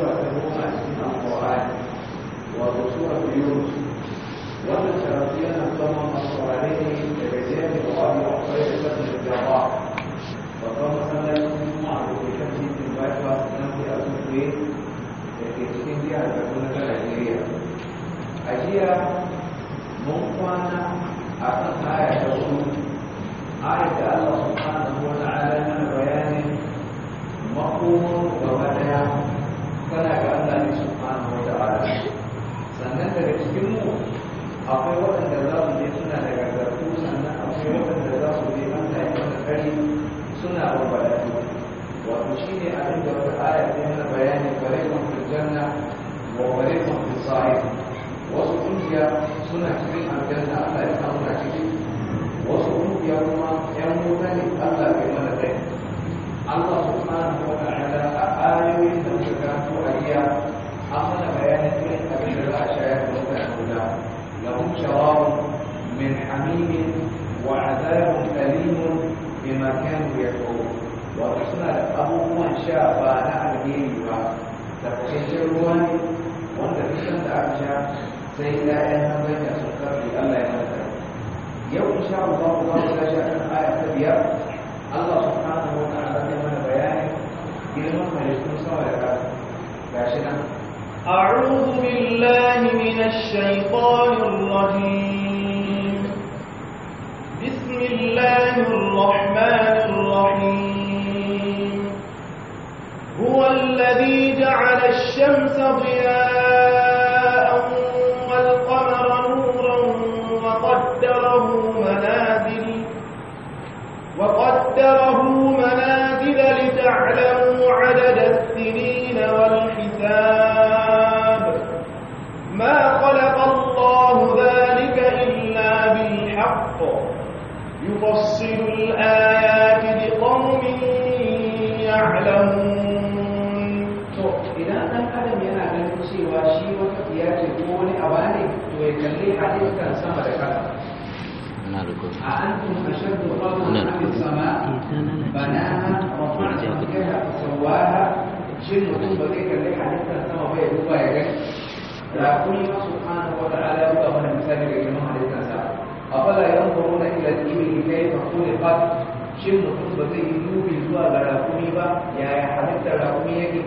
我从来不爱，我读书不用我们天晚上跟妈妈说：“哎，这个节目完了可以再打电话。” أأنتم أشد خلقا أم السماء بناها رفعت مكانها فسواها شيل الرطوبة اللي كان ليها حتى السماء بيها دوبها يا جاي فكل سبحانه وتعالى يبقى هنا مثال لجماعة الإنسان أفلا ينظرون إلى الإبل كيف خلقت شيل الرطوبة دي دوبي دوبها لراكمي بقى يا حبيبتي الراكمي يجي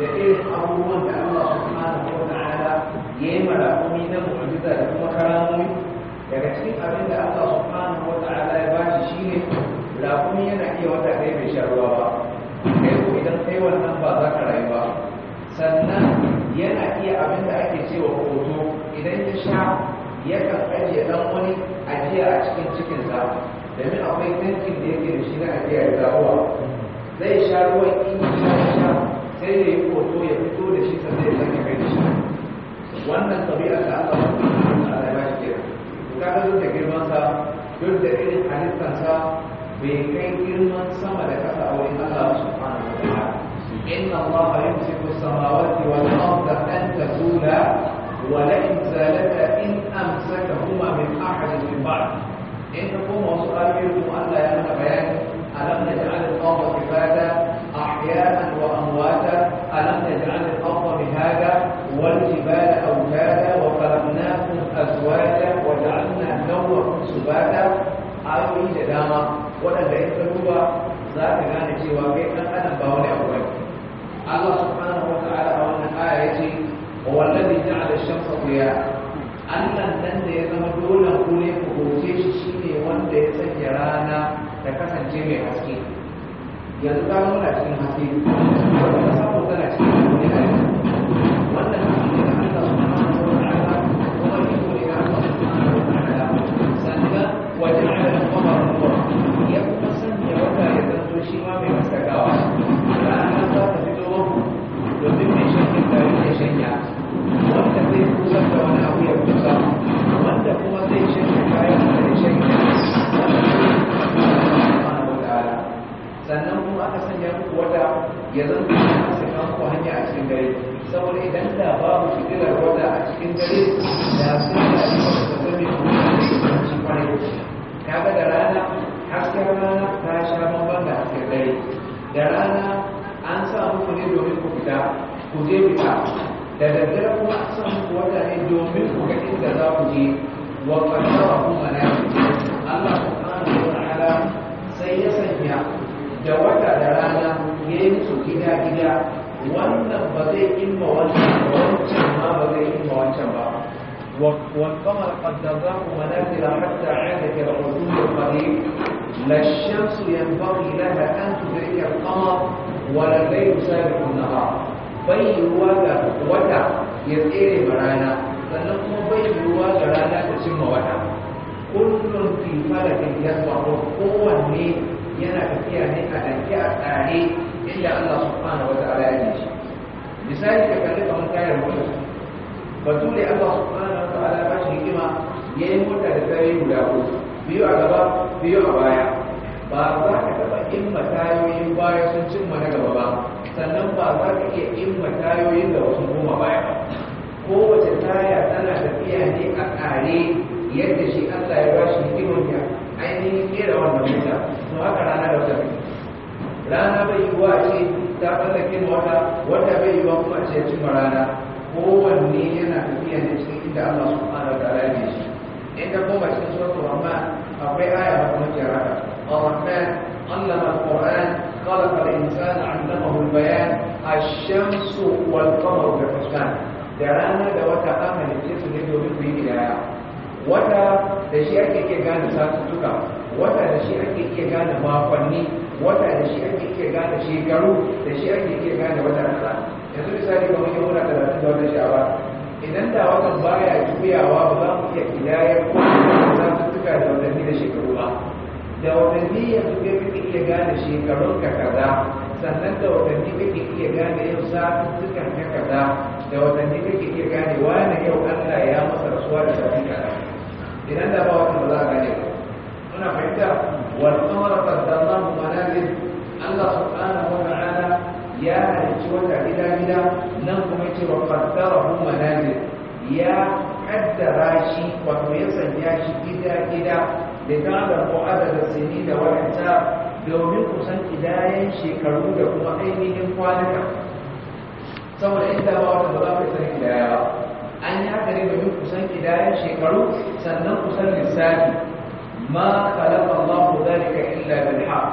da irin abubuwan الله سبحانه وتعالى wa ta'ala ya yi marakumi daga cikin abin da Allah subhanahu wata'ala ya bashi shine rakumi yana iya wata kai bai sha ba kai ko idan kai wannan ba za ka rayu ba sannan yana iya abin da ake cewa hoto idan ya sha yakan ajiye dan wani ajiya a cikin cikinsa domin akwai tankin da yake da shi na ajiya da zahuwa zai sha ruwan in ya sha sai ya yi hoto ya fito da shi sannan ya sake kai da shi wannan tabi'a da Allah subhanahu wata'ala kaga duk da girmansa duk da irin halittarsa bai kai girman sama da kasa a wurin Allah subhanahu wa ta'ala inna Allah yumsiku samawati wal arda an tazula wa la in zalata in amsakahuma min ahadin min ba'd in kuma wasu ayoyi kasance mai haske yanzu cikin يسابق naha bai yiwuwa ga wata ya tsere ma rana sannan kuma bai yiwuwa ga rana ta cimma wata kullum fi malakin yasbahu kowanne yana tafiya ne a danke a tsare inda Allah subhanahu wata'ala ya yi shi misali ka kalli kamar tayar mota batu ne Allah subhanahu wata'ala ba shi hikima ya yi mota da tsaye guda biyu a gaba biyu a baya ba za ka taɓa in matayoyin baya sun cimma na gaba ba sannan ba za ka iya imma tayoyin da wasu goma baya ba kowace taya tana tafiya ne a kare yadda shi allah ya bashi hikimar ya ainihin kera wannan mota to haka rana da wata rana bai yi wa ce ta kin wata wata bai yi wa kuma ce cin rana kowanne yana tafiya ne cikin inda allah su wa da ya shi in ka koma cikin suratul rahman akwai aya ba kuma kira A rahman allama al-qur'an خلق الإنسان علمه البيان الشمس والقمر بحسبان da rana da wata an halitta ne domin ku yi kidaya wata da shi ake iya gane satuttuka wata da shi ake iya gane makonni wata da shi ake iya gane shekaru da shi ake iya gane wata kaza yanzu misali ba yau muna talatin da wata sha'aba idan da watan baya juyawa ba za mu iya kidayar satuttuka da watanni da shekaru ba da wadanni yanzu kai kake iya gane shekarun ka kaza sannan da wadanni kake iya gane yau sa'ukan ka kaza da wadanni kake iya gane wani yau Allah ya masa rasuwa da sabbin kaza idan da ba wata ba za a gane ba muna fahimta wal qamara qaddarnahu manazil Allah subhanahu wa ta'ala ya halicci wata gida gida nan kuma ce wa mu manazil ya kaddara shi wato ya sanya shi gida gida لتعرفوا عدد da والحساب domin kusan kidayen shekaru da kuma ainihin kwanuka saboda inda ba wata ba za ku san ba an yi haka ne domin kusan kidayen shekaru sannan kusan lissafi ma ku Allahu ka illa bil haqq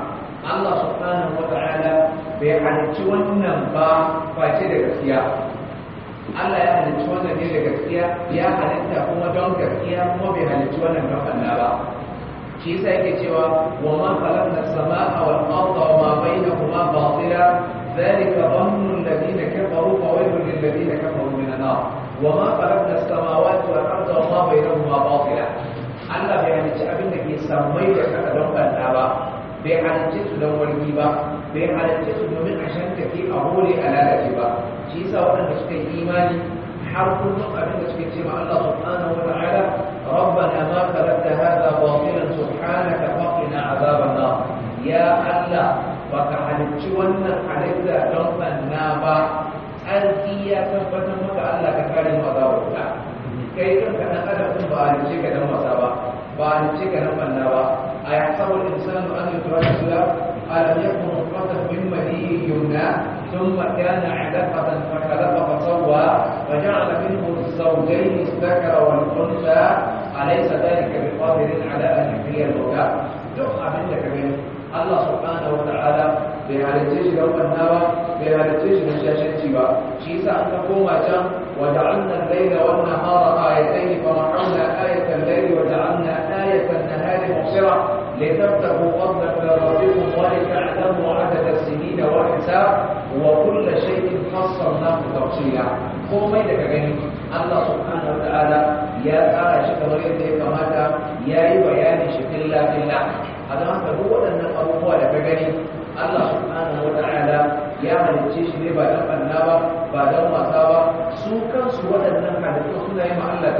Allah subhanahu wa ta'ala bai halicci wannan ba face da gaskiya Allah ya halicci wannan ne da gaskiya ya halitta kuma don gaskiya kuma bai halicci wannan don Allah ba shi yasa yake cewa wa ma khalaqna samaaa wal arda wa ma bainahuma batila dhalika dhannu alladhina kafaru wa waylun lil ladina kafaru min an-nar wa ma khalaqna samaa'ati wal arda wa ma bainahuma batila Allah bai halicci abin da ke samai da kada don banda ba bai halicci su don wargi ba bai halicci su domin a ke a hore a lalace ba shi yasa waɗanda suka yi imani har kullum abin da suke cewa Allah subhanahu wa ta'ala ربنا ما خلقت هذا باطلا سبحانك فقنا عذاب النار يا الله فتحلت شوانا حلتا جنفا نابا الكيا تنفت موت الله كفر المضاوة كيف كان أدف بارشك نوم سابا بارشك نوم النابا أيحسب الإنسان أن يترك سلا ألم يكن مفرطة من مديه يمنى ثم كان عدقة فخلق فصوى وجعل منه الزوجين الذكر والأنثى أليس ذلك بقادر على أن يحيي الموتى دق عند كبير الله سبحانه وتعالى bai halarce shi daukanna ba bai halarce shi ba shi yasa an ka koma can wa ja'alna al-layla wan nahara ayatayn fa marhamna ayatan al-layli wa ja'alna ayatan an-nahari mubsira litabtahu fadlan min rabbikum wa lita'lamu 'adada wa wa komai daga gani Allah subhanahu ya tsara shi kamar yadda ya kamata ya yi bayanin shi filla filla a don haka duk waɗannan abubuwa da ka gani Allah subhanahu wa ta'ala ya halicce shi ne ba dan banna ba ba dan wasa ba su kansu waɗannan halittu suna yi ma Allah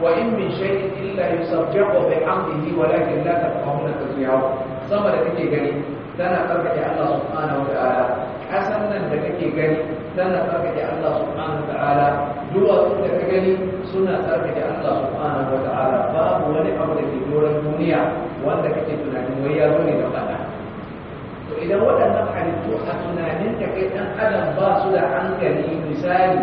wa in min shay'in illa yusabbihu bihamdihi walakin la tafqahuna tasbihahu sama da kake gani tana tsarkake Allah subhanahu wa ta'ala kasan nan da kake gani tana tsarkake Allah subhanahu wa ta'ala duwatsu da ka gani suna da tsarkake Allah subhanahu wa ta'ala babu wani abu da ke doron duniya wanda kake tunanin wai ya zo da fada to idan waɗannan halittu a tunanin ka kai ɗan adam ba su da hankali misali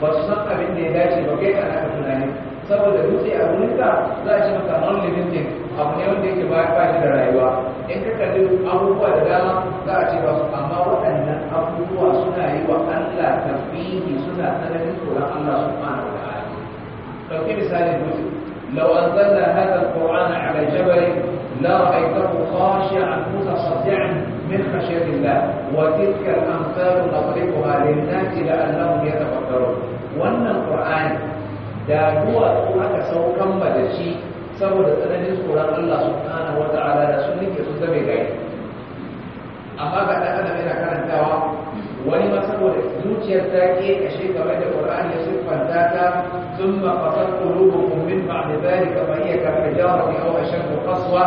ba su san abin da ya dace ba kai ana ka tunani saboda dutse a wurinka za a ce maka non living abu ne wanda yake ba da rayuwa in ka kalli abubuwa da dama za a ce ba su amma waɗanda abubuwa suna yi wa Allah tasbihi suna tsananin tsoron Allah subhanahu wa ta'ala ɗauki misalin mutum لو أنزلنا هذا القرآن على جبل لرأيته خاشعا متصدعا من خشية الله وتلك الأمثال نضربها للناس لأنهم يتفكرون وأن القرآن da duwatsu aka saukan ma da shi saboda tsananin tsoron Allah subhanahu wa ta'ala da sun nike su zame gari amma ga ɗan adam yana karantawa wani ma saboda zuciyar ta ke kashe game da qur'ani ya siffanta ta thumma qasat qulubukum min ba'd dhalika fa hiya kal hijarati aw ashaddu qaswa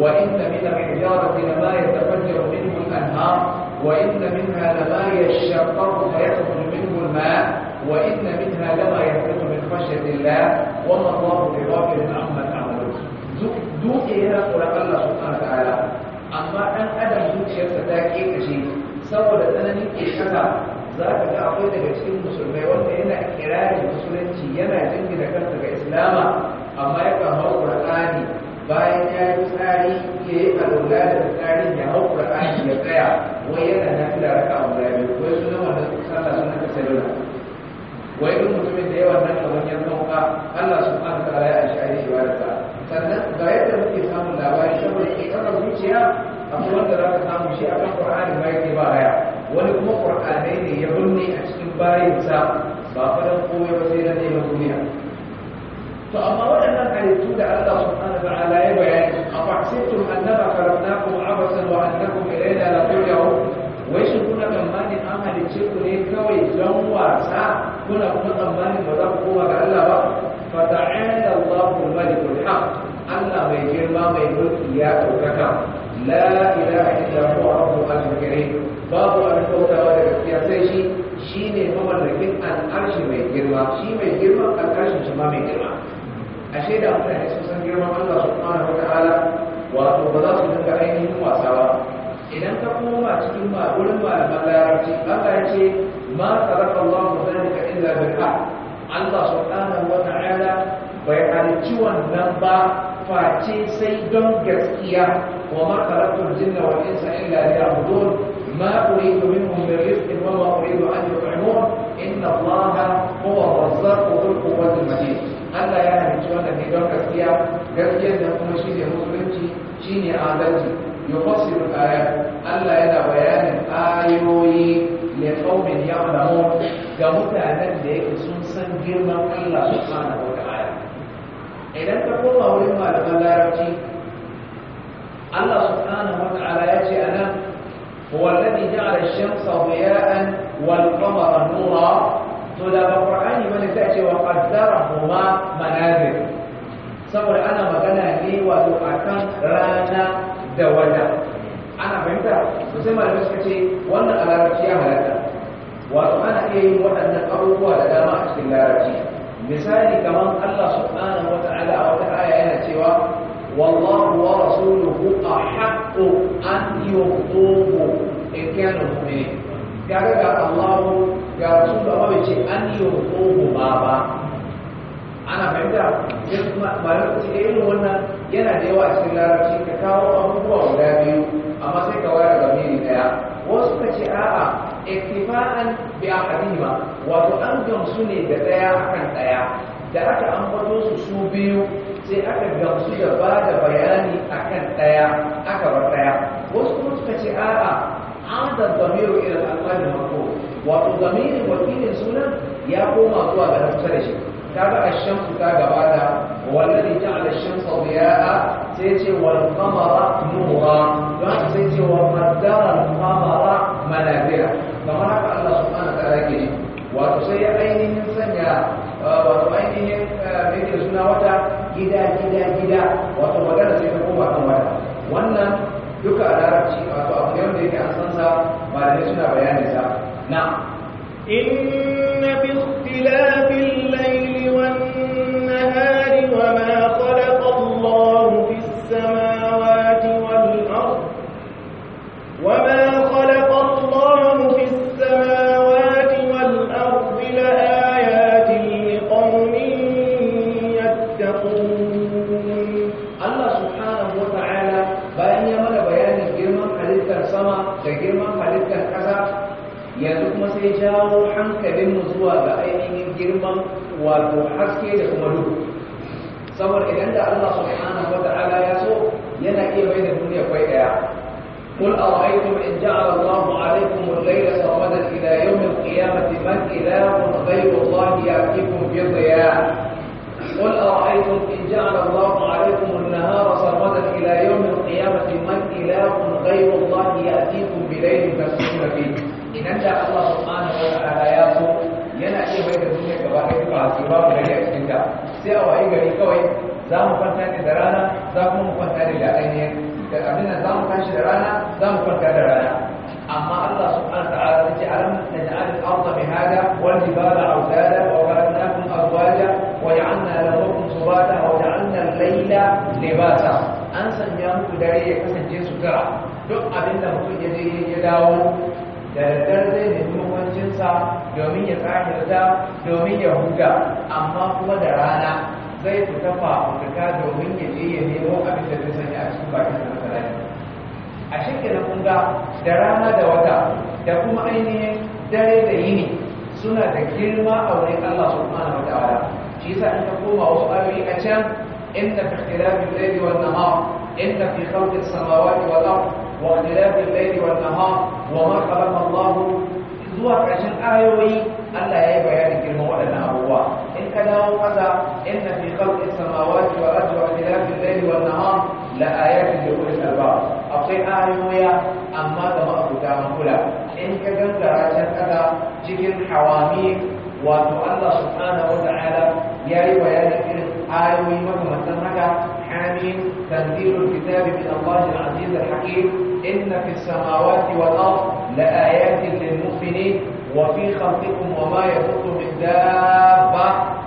wa inna min al hijarati lama yatafajjaru minhu al anhar wa inna minha lama yashaqqaqu fa yakhruju minhu al ma' wa inna minha lama yahbitu min khashyati Allah wa ma Allahu bi ghafilin amma ta'malun duk duk ya qur'an Allah subhanahu wa ta'ala amma dan zuciyarsa ta kekace saboda tsananin kekata za ka ga akwai daga cikin musulmai wanda yana kirarin musulunci yana jingina kansa ga islama amma ya kan hau qur'ani bayan ya yi tsari ke yi alula da tsari ya hau qur'ani ya tsaya wai yana na fila raka a guda biyu wai suna wannan sallah suna ta salula wai duk mutumin da yawan nan kamar yan sauka allah subhanahu wa ta'ala ya ashi ayi shi wa da sannan ga yadda muke samun labari saboda ke kafa zuciya akwai wanda za ka samu shi a kan ƙur'anin ma yake ba haya wani kuma ƙur'anai ne ya binne a cikin bayansa ba fadan komai ba sai na neman duniya to amma waɗannan halittu da Allah subhanahu wa ta'ala ya bayani a fahimtum annaba khalaqnakum abasan wa annakum ilayna la turja'un wai shi kuna tsammanin an halicce ku ne kawai don wasa kuna kuma tsammanin ba za ku koma ga Allah ba fa ta'ala Allahu al-malikul haq Allah mai girma mai mulki ya ɗaukaka لا اله الا هو رب الكريم باب الفوت والرب يا سيشي شيني هو الركن ان ارش من جرما شيني جرما ان ارش من جرما من جرما اشهد ان لا اله الا الله سبحانه وتعالى وهو بلاص من عينه وسوا idan ka kuma ba cikin ba gurin ba da magayarci Allah ya ce ma tarak Allah mu zalika illa bil haq Allah subhanahu wa ta'ala bai halicci wannan ba face sai don gaskiya وما خلقت الجن والإنس إلا ليعبدون ما أريد منهم من رزق وما أريد أن يطعمون إن الله هو الرزاق ذو القوة المتين Allah ya halicci wannan ne don gaskiya gaskiyar da kuma shi ne musulunci shi ne adalci yufassiru ayat Allah yana bayanin ayoyi ne qaumin ya'lamun ga mutanen da yake sun san girman Allah subhanahu wa ta'ala idan ka koma wurin malaman larabci Allah subhanahu wa ta'ala ya ce ana huwa alladhi ja'ala ash-shamsa diya'an wal qamara nura to da ba Qur'ani bane sai ce wa qaddarahu ma manazil saboda ana magana ne wa to akan rana da wata ana fahimta to sai malamin ce wannan alarabci ya halatta wato ana iya yin waɗannan abubuwa da dama a cikin larabci misali kamar Allah subhanahu wa ta'ala a wata aya yana cewa والله ورسوله أحق أن يخطوه إن كانوا مؤمنين كذلك الله يا رسول الله بيجي أن يخطوه بابا أنا بعدا ما لقيت إيه هنا yana da yawa a cikin larabci ka kawo abubuwa guda biyu amma sai ka ware da miri daya wasu ka ce a'a iktifa'an bi aqdima wato an gamsu ne da ɗaya akan ɗaya. da aka ambato su su biyu sai aka gamsu da ba da bayani akan ɗaya aka bar ɗaya wasu kuma suka ce a'a an da zamiru irin alƙalin mako wato zamirin wakilin suna ya koma zuwa ga nafsa da shi kaga ashamsu ta gaba da Wannan ita ja'ala sau da diya'a sai ce wa kamara nura don sai ce wa madara kamara qamara kamar haka Allah subhanahu wa ta'ala shi wato sai ya ainihin sanya uh, wato ainihin uh, mai suna wata gida gida gida wato magana sai ta koma kan wata wannan duka a larabci wato abu ne wanda yake an san sa malamai suna bayanin sa na inna bi ikhtilafil wato haske صبر kuma duhu saboda idan da Allah subhanahu wata'ala ya so yana قل أرأيتم إن جعل الله عليكم الليل سرمدا إلى يوم القيامة من إله غير الله يأتيكم بضياء قل أرأيتم إن جعل الله عليكم النهار سرمدا إلى يوم القيامة من إله غير الله يأتيكم بليل تسكن فيه إن أنت الله سبحانه وتعالى يا yana iya bai da duniya gaba ɗaya ba su ba mu gari a cikin ta sai a wayi gari kawai za mu kwanta ne da rana za kuma mu kwanta ne da ainihin da abin nan za mu tashi da rana za mu kwanta da rana amma Allah subhanahu wa ta'ala yace alam naj'al al-ardha mihada wal jibala awtada wa baraknakum azwaja wa ja'alna lakum subata wa ja'alna al-layla libasa an sanya muku dare ya kasance sutura duk abin da mutum ya je ya dawo da daddare zai nemi abincinsa domin ya tsaya da domin ya huta amma kuma da rana zai fita fafutuka domin ya je ya nemo abin da zai sanya a cikin bakin da masallaci a shekarun kun ga da rana da wata da kuma ainihin dare da yini suna da girma a wurin Allah subhanahu wa ta'ala shi yasa in ka koma wasu ayoyi a can inna fi ikhtilafi al-layli wan-nahar إن في خلق السماوات والأرض واختلاف الليل والنهار وما خلق الله zuwa ƙarshen ayoyi Allah ya yi bayanin girman waɗannan abubuwa in ka dawo in na fi khalqis samawati wal ardi wa ikhtilafil layli wan nahar la ayatin da ulil salba akwai ayoya amma ga ma'abuta hankula in ka ganga rashin ƙasa cikin hawami wato Allah subhanahu wa ta'ala ya yi bayanin irin ayoyi makamantan haka hamim tanzilul kitabi min Allah al-aziz al-hakim inna fis samawati wal ardi لآيات للمؤمنين وفي خلقكم وما يخط من دابة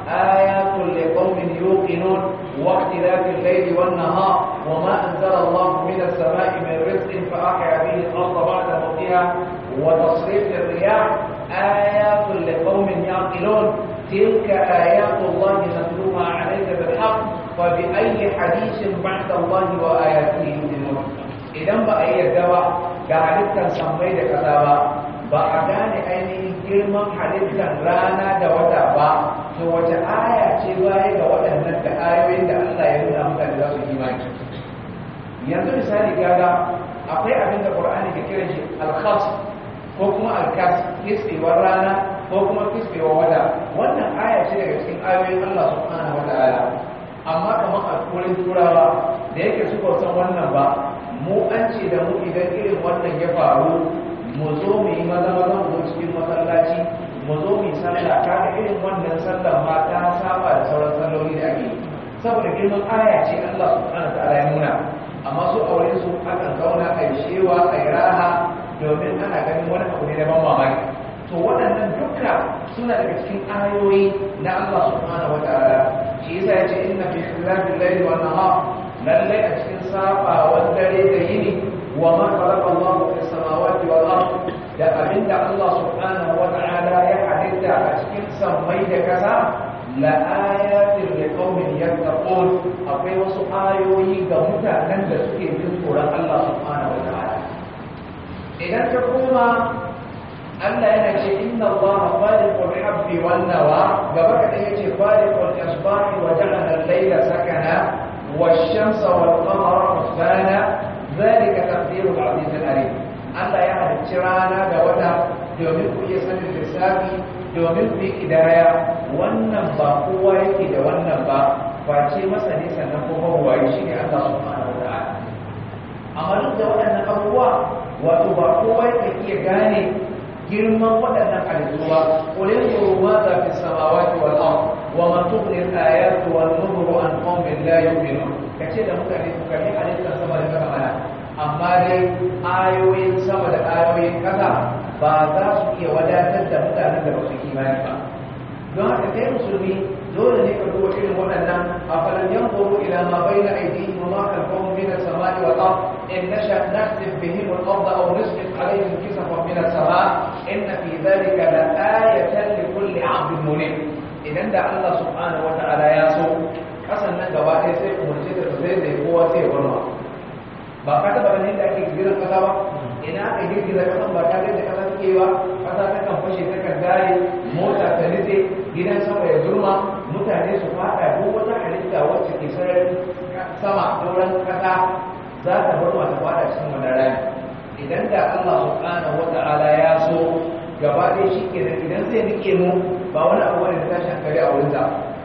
آيات لقوم يوقنون واختلاف الليل والنهار وما أنزل الله من السماء من رزق فأحيا به الأرض بعد موتها وتصريف الرياح آيات لقوم يعقلون تلك آيات الله نتلوها عليك بالحق فبأي حديث بعد الله وآياته يؤمنون إذا بأي دواء ga halittar sammai da ƙasa ba ba a gane ainihin girman halittar rana da wata ba to wace aya ce baya ga waɗannan da ayoyin da Allah ya nuna da za su maki yanzu misali gaga akwai abin da Qur'ani ke kira shi al ko kuma al-kas rana ko kuma kisbewar wata wannan aya ce daga cikin ayoyin Allah subhanahu wa ta'ala amma kamar a turawa da yake suka san wannan ba mu an ce da mu idan irin wannan ya faru mu zo mu yi maza maza mu cikin masallaci mu zo mu yi sallah da irin wannan sallah ma ta saba da sauran salloli da ake saboda girman aya ce Allah subhanahu wa ta'ala ya nuna amma su aure su akan zauna a yi shewa a yi raha domin ana ganin wani abu ne na ban mamaki to waɗannan duka suna daga cikin ayoyi na Allah subhanahu wa ta'ala shi yasa ya ce inna fi khilafil layli wan nahar lallai a cikin saba wan dare da yini wa ma khalaqa Allahu fis samawati wal ard da abinda Allah subhanahu wa ta'ala ya halitta a cikin sammai da kasa la ayatin liqaumin yattaqun akwai wasu ayoyi ga mutanen da suke jin tsoron Allah subhanahu wa ta'ala idan ka koma Allah yana ce inna Allah khaliqul habbi wan nawa gaba kada yace khaliqul asbahi wa ja'ala al-layla sakana والشمس والقمر حسبانا ذلك تقدير العزيز ya halicci rana da دوتا domin ku iya sanin lissafi domin ku yi kidaya wannan ba kowa yake da wannan ba face masa ne sannan kuma waye shi ne Allah subhanahu wa ta'ala amma duk da waɗannan abubuwa wato ba kowa yake iya gane girman waɗannan halittu ba qul yanzuru ma za fi samawati wal ardh وما تغني الآيات والنذر عن قوم لا يؤمنون كثير من الحديث كثير من الحديث كما ذكر معنا أما لي آيوين سمد آيوين كذا فأتاسك ولا تدى متى نبدأ بسك إيمان فا دعاك تير مسلمي دون أن يكون هو علم أن أفلن ينظروا إلى ما بين أيديهم وما القوم من السماء والأرض إن نشأ نخسف بهم الأرض أو نسقف عليهم كسفا من السماء إن في ذلك لآية لكل عبد منيب idan da Allah subhanahu wata'ala ya so kasan nan gaba ɗaya sai umarce da zai zai kowa sai ma. ba ka taba ganin da ake girgirar ƙasa ba ina aka girgiza kasa ba ta da kasa suke ba kasa ta kan fashe ta kan mota ta nitse gidan sama ya zurma mutane su faɗa duk wata halitta wacce ke sararin sama sauran kasa za ta barwa ta fada cikin wannan rami idan da Allah subhanahu wata'ala ya so gaba ɗaya shi kenan idan zai rike mu ba wani abu wani tashi hankali a wurin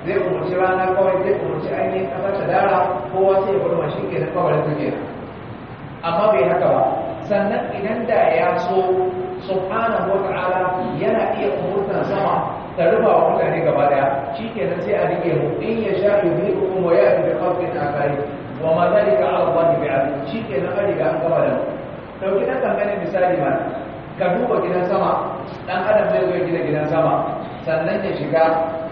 zai umarci rana kawai zai umarci ainihin kasar ta dara kowa sai ya gudunma shi kenan kawai ta kenan amma bai haka ba sannan idan da ya so subhanahu wa ta'ala yana iya umurtan sama ta rufa wa mutane gaba daya shi nan sai a rike mu in ya sha yuhibbukum wa ya'ti bi khalqin kare. wa ma dhalika 'ala Allah bi'aziz shi nan an riga an gaba da mu dauki dan kankane misali ma ka duba gidan sama dan adam zai zo gina gidan sama sannan ya shiga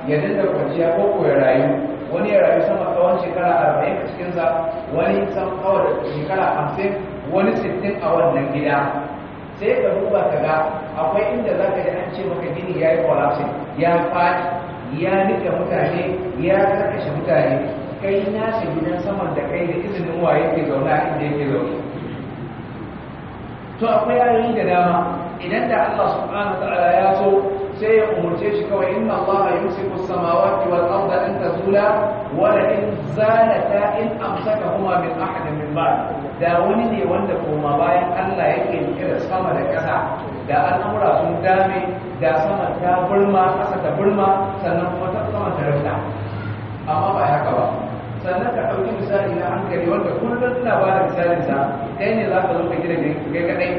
ya dinda kwanciya ko ko ya rayu wani ya rayu sama tsawon shekara arba'in a cikinsa wani san kawai da shekara hamsin wani sittin a wannan gida sai ka duba ka ga akwai inda za ka yi an ce maka gini ya yi kwalafin ya faɗi ya nika mutane ya karkashe mutane kai nashi gidan saman da kai da izinin waye ke zaune a inda yake zaune to akwai ayoyi da dama idan da Allah subhanahu wa ta'ala ya so sai ya umurce shi kawai inna Allah yumsiku as-samawati wal arda an tazula wa la in zalata in amsakahuma min ahadin min ba'd da wani ne wanda koma bayan Allah yake rike sama da ƙasa da al'amura sun dame da sama ta burma ƙasa ta burma sannan kuma ta sama ta amma ba haka ba sannan ka ɗauki misali na hankali wanda kullum ina ba da misalinsa kai ne za ka zo ka gida kai kaɗai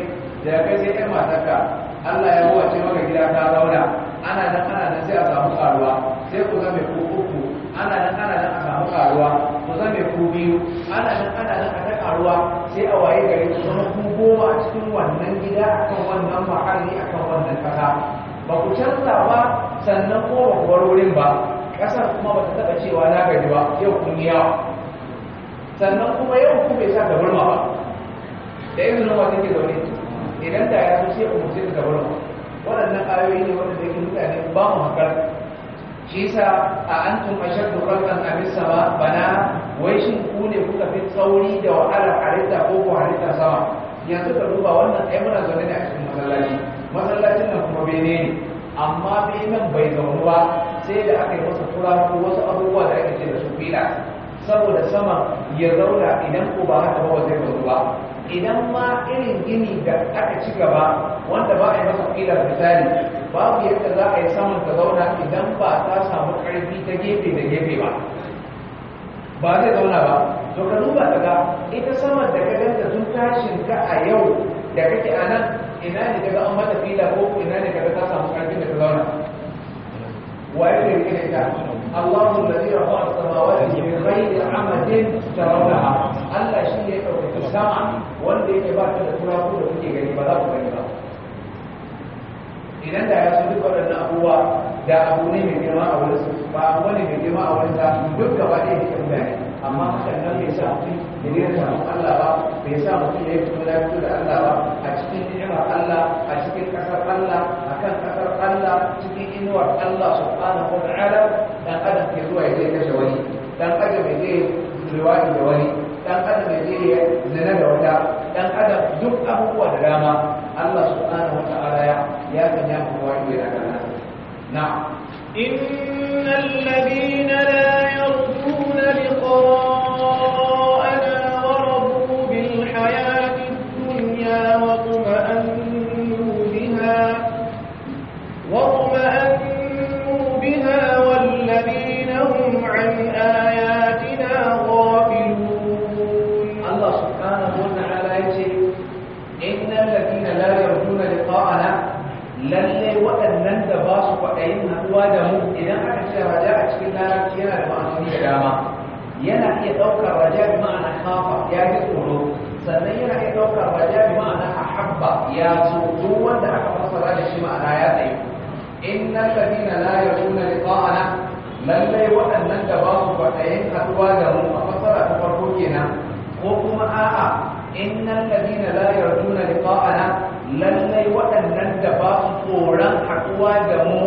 da ya kai sai ɗan matarka Allah ya ruwa ce maka gida ka zauna ana nan ana nan sai a samu karuwa sai ku zame ku uku ana nan ana nan a samu karuwa ku zame ku biyu ana nan ana nan a ta karuwa sai a waye gari ku zama ku goma a cikin wannan gida akan wannan mahalli akan wannan ƙasa. ba ku canza ba sannan ko ba ku bar wurin ba kasar kuma ba ta taɓa cewa na gari ba yau kun yi yawa sannan kuma yau ku bai sa da burma ba da izinin ta ke zaune idan da ya so sai ku mutu ka burma waɗannan ayoyi ne wanda zai mutane ba mu hankal shi sa a antum ashaddu khalqan abin sama bana wai shi ku ne kuka fi tsauri da wahalar halitta ko ko halitta sama yanzu ka duba wannan ɗaya muna zaune ne a cikin masallaci masallacin nan kuma bene ne amma benen bai zaune ba sai da aka yi masa tura ko wasu abubuwa da ake ce da su fila saboda sama ya zauna idan ko ba haka ba zai zauna ba idan ma irin gini da aka ci gaba wanda ba a yi masa fila misali babu yadda za a yi saman ta zauna idan ba ta samu karfi ta gefe da gefe ba ba zai zauna ba to ka duba ka ita saman da ka ganta tun tashin ka a yau da kake a nan ina ne daga an mata fila ko ina ne daga ta samu karfin da ta zauna وإن كنت الله الذي رفع السماوات بغير عمد ترونها ألا شيء يتوقف السمع والذي يبعث الأسماء كله في غريبة لا غريبة idan da ya su duk waɗannan abubuwa da abu ne mai girma a wurin su ba ne mai girma a wurin sa duk gaba ɗaya cikin mutane amma nan Allah ba bai sa mutum ya yi fito da da Allah ba a cikin ni'imar Allah a cikin ƙasar Allah a kan sallah cikin inuwar Allah subhanahu wa ta'ala dan adam ke zuwa ya zai kashe wani dan adam ya zai riwayi wani dan adam ya zai zina da wata dan adam duk abubuwa da dama Allah subhanahu wa ta'ala ya ya ya kowa wani da kana na innal ladina la yarjuna liqa iya ɗaukar raja bi ma'ana kafa ya ji tsoro sannan yana iya ɗaukar raja bi ma'ana ahabba ya so duk wanda aka fassara da shi ma'ana ya tsaye in na ladina la yarjuna liqa'ana lallai waɗannan da ba su kwaɗayin haɗuwa da mu a fassara ta farko kenan ko kuma a'a in innal ladina la yarjuna liqa'ana lallai waɗannan da ba su tsoron haɗuwa da mu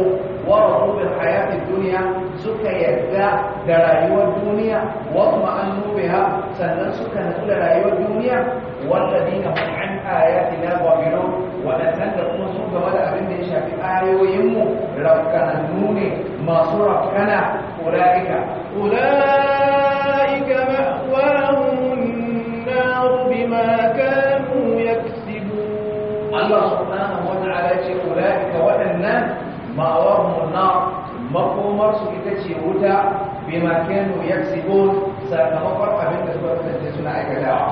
ورضوا بالحياة الدنيا سكي يدى درائيو الدنيا واطمأنوا بها سننسك نقول درائيو الدنيا والذين هم عن آياتنا وابنوا ونسند المسوك ولا أبند إن شاء آيو يمو لو كان النوني ما صرف كان أولئك أولئك مأواهم النار بما كانوا يكسبون الله سبحانه وتعالى أولئك وأنه ma'awarmu makomar su ita ce wuta bima kanu yaksibun sakamakon abin da suka kasance suna aikatawa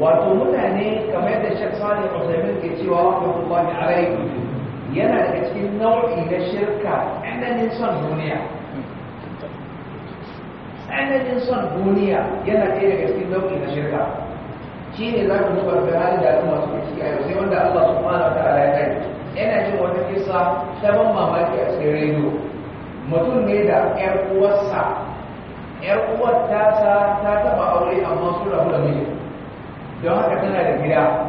wato mutane kamar yadda Sheikh Salih Uthaymeen ke cewa wata rahmatullahi alayhi yana daga cikin nau'i na shirka tsananin son duniya tsananin son duniya yana ɗaya daga cikin nau'i na shirka shine za ku zuba da halin da al'umma suke ciki a yau sai wanda Allah subhanahu ta ta'ala ya kai yana jin wata kisa ta ban mamaki a cikin rediyo mutum ne da yar uwarsa yar uwar sa ta taba aure amma su rabu da miji don haka tana da gida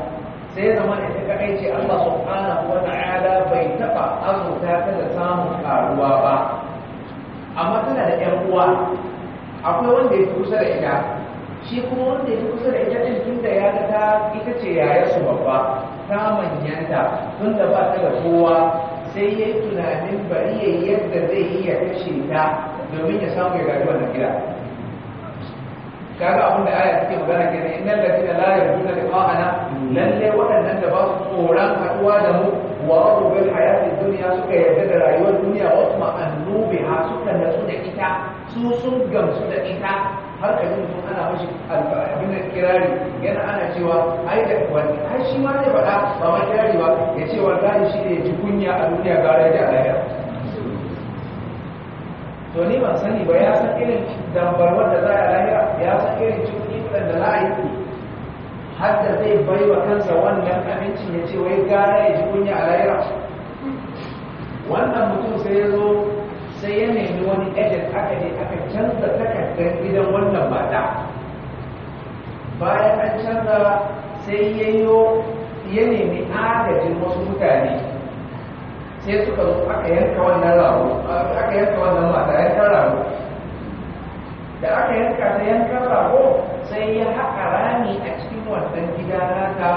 sai zama da ta kaɗai ce Allah subhanahu wa ta'ala bai taba azurta ta da samun karuwa ba amma tana da 'yar uwa akwai wanda ya fi kusa da ita shi kuma wanda ya fi kusa da ita din tun da ya ga ta ita ce yayarsu babba ta manyanta tun da ba ta da kowa sai ya yi tunanin bari ya yi yadda zai yi ya kashe ta domin ya samu ya gaji wannan gida kaga abin da aya take magana kenan innal ladina la da liqa'ana lalle waɗannan da ba su tsoron haɗuwa da mu wa rabu bil hayati dunya suka yarda da rayuwar duniya wasu kuma annubi suka nasu da ita su sun gamsu da ita har ka yi mutum ana mashi abin da kirari yana ana cewa ai da wani ai shi ma zai faɗa ba wani kirari ba ya ce wallahi shi ne ya ji kunya a duniya gara da alaya to ni ban sani ba ya san irin dambarwar da za a lahira ya san irin cikin da za a yi har da zai bai wa kansa wannan abincin ya ce wai gara ya ji kunya a lahira wannan mutum sai ya zo sai ya nemi wani agent aka ne aka canza takardar gidan wannan mata bayan an canza sai ya ya nemi agajin wasu mutane sai suka zo aka yanka wannan rawo aka yanka wannan mata rawo da aka yanka ta yanka rawo sai ya haƙa rami a cikin wannan gida naka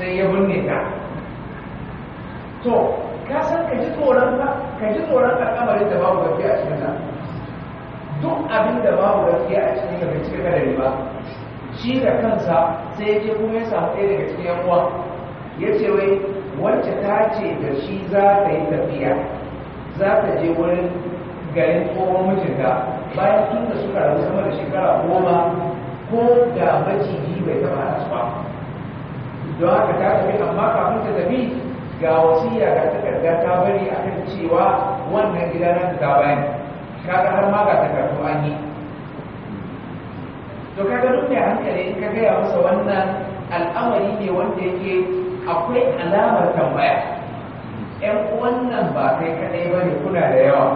sai ya binne ta to ka san ka ji tsoron ka ji tsoron al'amarin da babu gaskiya a cikin duk abin da babu gaskiya a cikin bai cika kadari ba shi da kansa sai ya kuma ya samu ɗaya daga cikin yan uwa ya ce wai wacce ta ce da shi za ta yi tafiya za ta je wurin garin tsohon mijinta bayan tun da suka rabu sama da shekara goma ko da maciji bai taɓa su ba don haka ta tafi amma kafin ta tafi ga wasiya ga takarda ta bari akan cewa wannan gida nan ta bayani kaga har ma ga takardu an yi to kaga duk mai hankali in ka gaya masa wannan al'amari ne wanda yake akwai alamar tambaya Yan wannan ba kai kaɗai ba ne kuna da yawa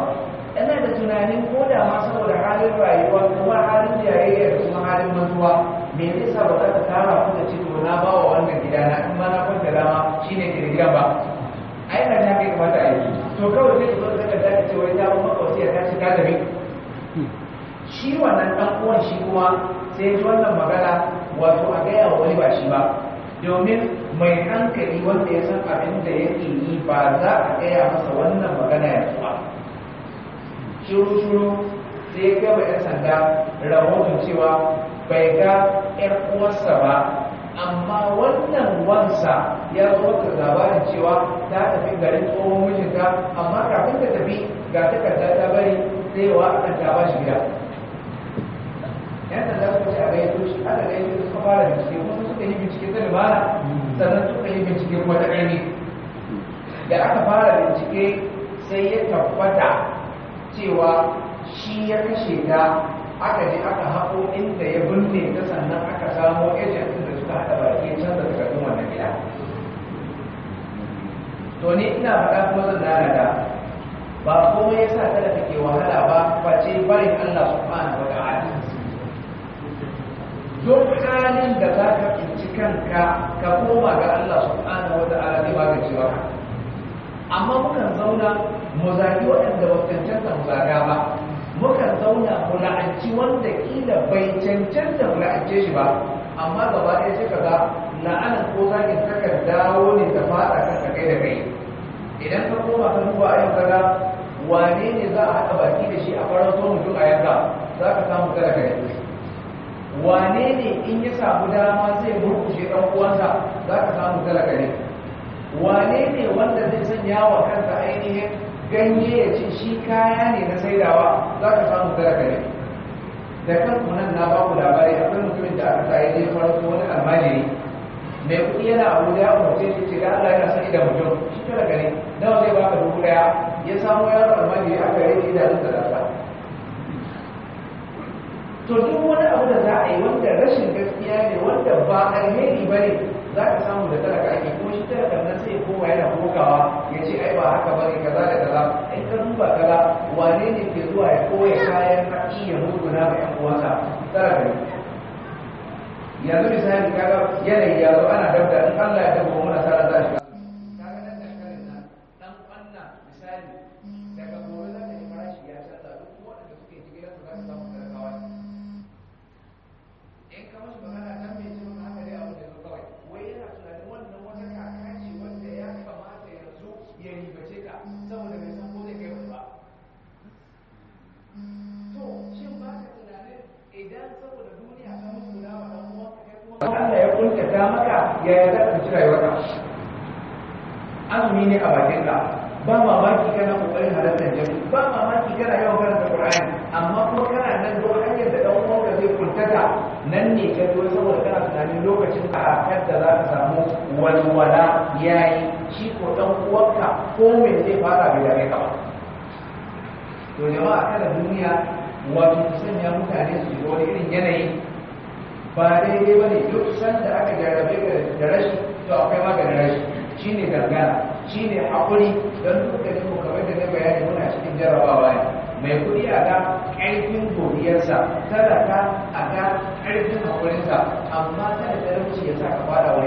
ina da tunanin ko da ma saboda halin rayuwa kuma halin jayayya da kuma halin mantuwa me nisa ba za ta tara ku da cin na ba wa wannan gida na in ma na kwanta dama shi ne kirgiya ba ai ban ya kai kamata a yi to kawai zai zo zaka ta ce wai ta ba ko sai ta ci ta da shi wannan dan uwan shi kuma sai ji wannan magana wato a gaya wani ba shi ba domin mai hankali wanda ya san abin da yake yi ba za a gaya masa wannan magana ya ba shiru shiru sai ya gaba 'yan sanda rahoton cewa bai ga 'yan uwarsa ba amma wannan wansa ya zo maka labarin cewa ta tafi garin tsohon mijinta amma kafin ta tafi ga takarda ta bari sai a kan ta ba shi gida yadda za su ce a gaisu shi aka gaisu suka fara bincike kuma suka yi bincike ta dabara, sannan suka yi bincike kuma ta ƙarni da aka fara bincike sai ya tabbata cewa shi ya kashe ta aka je aka haƙo inda ya binne ta sannan aka samo ejen Ka taɓa baki ya canza takardun wannan gida to ni ina faɗa kuma zan nanata ba komai ya sa talaka ke wahala ba face barin Allah subhanahu wa ta'ala duk halin da za ka tsinci kanka ka koma ga Allah subhanahu wa ta'ala zai magance maka amma mukan zauna mu zagi waɗanda ba cancanta mu zaga ba mukan zauna mu la'anci wanda kila bai cancanta mu la'ance shi ba amma gaba ɗaya sai ga, la'anar ko ki saka dawo ne da fada kan ka kai da kai idan ka koma ka duba a yau kaga wane ne za a haɗa baki da shi a farko mutum a yanka za ka samu kada ka yi wane ne in ya samu dama zai murkushe ɗan uwansa za ka samu talaka ne wane ne wanda zai sanya wa kansa ainihin ganye ya ci shi kaya ne na saidawa za ka samu talaka ne da kan kunan na ba ku labari mutumin da aka tsaye zai farko wani almajiri mai kuɗi yana abu da ya umarce shi ce ga Allah idan mutum shi kana gani nawa zai baka dubu daya ya samu yaron almajiri aka rage idanun da lafa to duk wani abu da za a yi wanda rashin gaskiya ne wanda ba alheri ba ne za ka samu da talaka ake kuma shi talaka na sai kowa yana kokawa ya ce ai ba haka bane kaza da kaza in ka duba kaza wane ne ke zuwa ya koya kayan haƙi ya 'yan ma ƴan uwansa talaka yanzu misali kaga yanayi ya zo ana dabda in Allah ya tabbata mu nasara za shi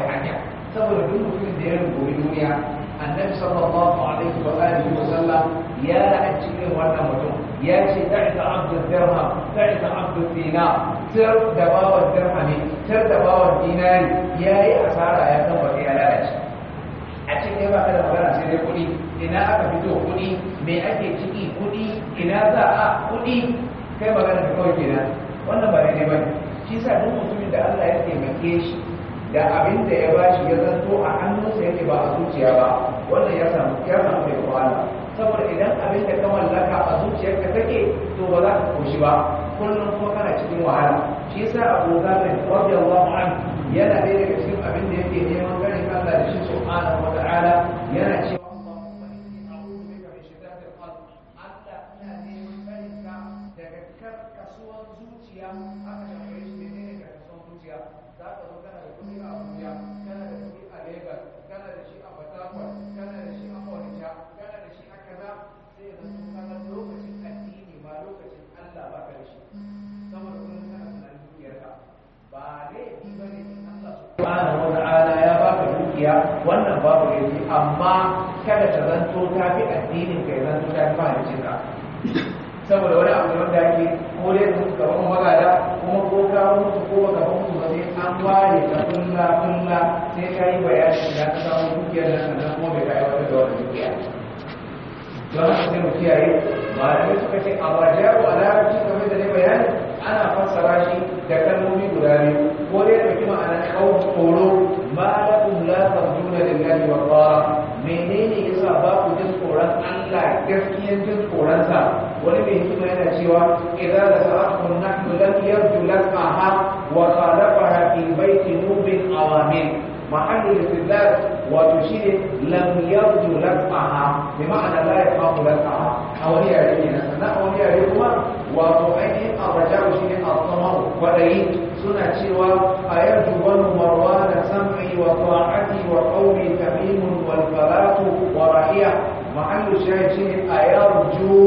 hanya saboda duk mutumin da ya rubuta duniya annabi sallallahu alaihi wa alihi wa sallam ya ra'aci ne wannan mutum ya ce ta'ita abdu dirham ita abdul dina sir da bawan ne sir da bawan dinari yayi asara ya kafa ya lalace a cikin ba ka da magana sai dai kuɗi ina aka fito kuɗi me ake ciki kuɗi ina za a kuɗi kai magana da kawai kenan wannan ba daidai ba ne shi sa duk mutumin da Allah ya taimake shi da abin da ya bashi ya zanto a hannunsa yake ba a zuciya ba wanda ya samu ya samu mai wahala saboda idan abin da ka mallaka a zuciyarka take to ba za ka koshi ba kullum kuma kana cikin wahala shi yasa Abu Bakar radiyallahu anhu yana da daga cikin abin da yake neman ganin Allah da shi subhanahu wa ta'ala yana cewa amma kada ta zanto ta fi addinin kai zanto ta fi mahalicin ka saboda wani abu wanda ake ko dai da mutu gaban magada kuma ko ka mutu ko ba gaban mutu ba sai an ware ka kunna kunna sai ka yi bayani da ka samu dukiyar nan sannan kuma bai kai wata da wani dukiya don haka sai mu kiyaye malamai suka ce a bajaru a larabci kamar da ne bayani ana fassara shi da kalmomi guda biyu ko dai da ana kawo tsoro ma lakum la da lillahi wa ba. menene yasa ba ku jin tsoron Allah gaskiyar jin sa wani mai hikima yana cewa idza la sa'atun nahnu lam yarju laqaha wa khalaqaha fi baiti nubin awamin mahallu istidlal wa tushir lam yarju laqaha bi ma'ana la yaqahu laqaha a wani ya ne na wani yi kuma wato ainihin arrajau shine al-tamau kwadayi suna cewa ayatu wal marwana sam'i wa ta'ati wa mahallu shahid shine ayarju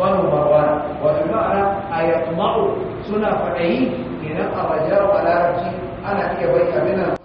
banu marwan wato ma'ana ayatma'u suna fadayi idan a rajar a ana iya bai abinan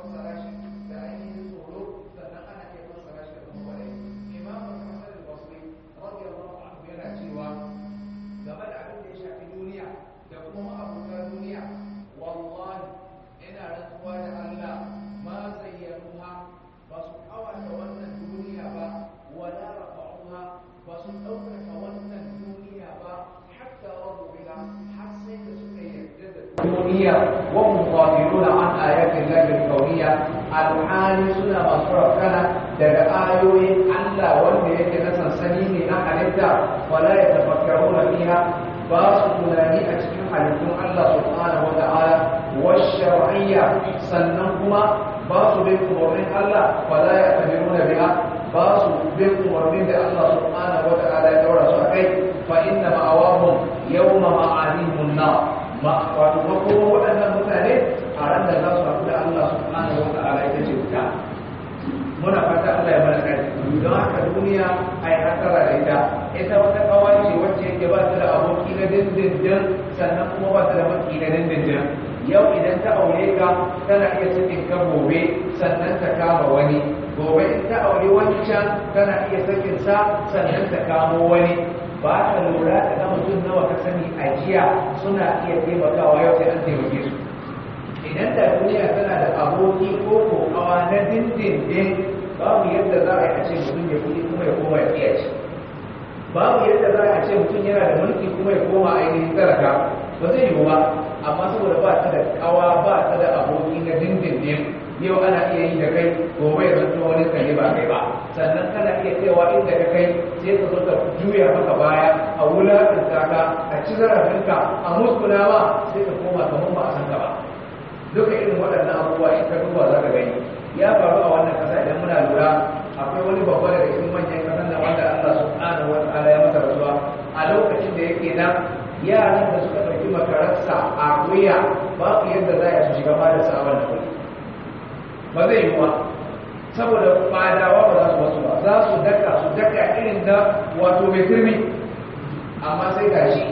ba su tunani a cikin halittun Allah subhanahu wa ta'ala wa shar'iyya sannan kuma ba su bin umarnin Allah ba za ya tafi nuna ba su bin umarnin da Allah subhanahu wa ta'ala ya daura su a kai fa inna ma'awahum yawma ma'alihun na ma wato kuma waɗannan mutane a ran da za su haɗu da Allah subhanahu wa ta'ala ita ce wuta muna fata Allah ya mana kai don haka duniya sannan kuma ba ta da dindindin yau idan ta aure ka tana iya sakin ka gobe sannan ta kama wani gobe in ta aure wancan tana iya sakin sa sannan ta kama wani ba ta lura da na mutum nawa ka sani a jiya suna iya taimakawa yau sai an taimake su idan da duniya tana da aboki ko kokawa na dindindin babu yadda za a yi a ce mutum ya kuɗi kuma ya koma ya iya babu yadda za a ce mutum yana da mulki kuma ya koma ainihin talaka ba zai yiwu ba amma saboda ba ta da kawa ba ta da aboki na dindindin yau ana iya yi da kai gobe ya zanto wani kalli ba kai ba sannan kana iya kaiwa inda ka kai sai ka zo ka juya maka baya a wulaƙanta ka a ci zarafinka a muskula ba sai ka koma kamar ba a san ka ba duka irin waɗannan abubuwa in ka duba za ka gani ya faru a wannan kasa idan muna lura akwai wani babba daga kenan yaran da suka ɗauki makararsa a ba su yadda za a su shiga ba da sabon da kuma ba zai yi kuma saboda fadawa ba za su wasu ba za su daka su daka irin da wato mai firmi amma sai ga shi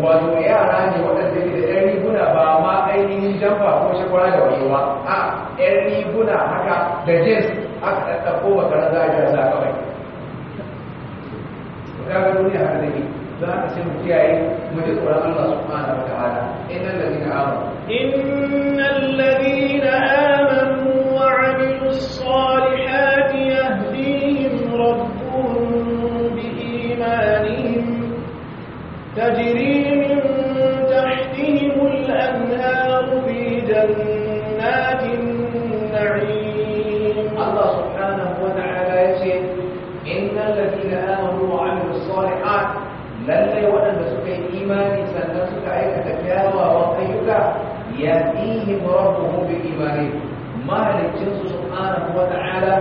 wato yara ne waɗanda ke da ɗan riguna ba ma ainihin jamfa ko shakwara da wani ba a ɗan riguna haka da jins aka ɗaɗɗako makarar za a jira a kawai. Kaga duniya har da ke za ka sai mu kiyaye Allah subhanahu wa ta'ala rabbuhum bi imanihim mahalicin su subhanahu wa ta'ala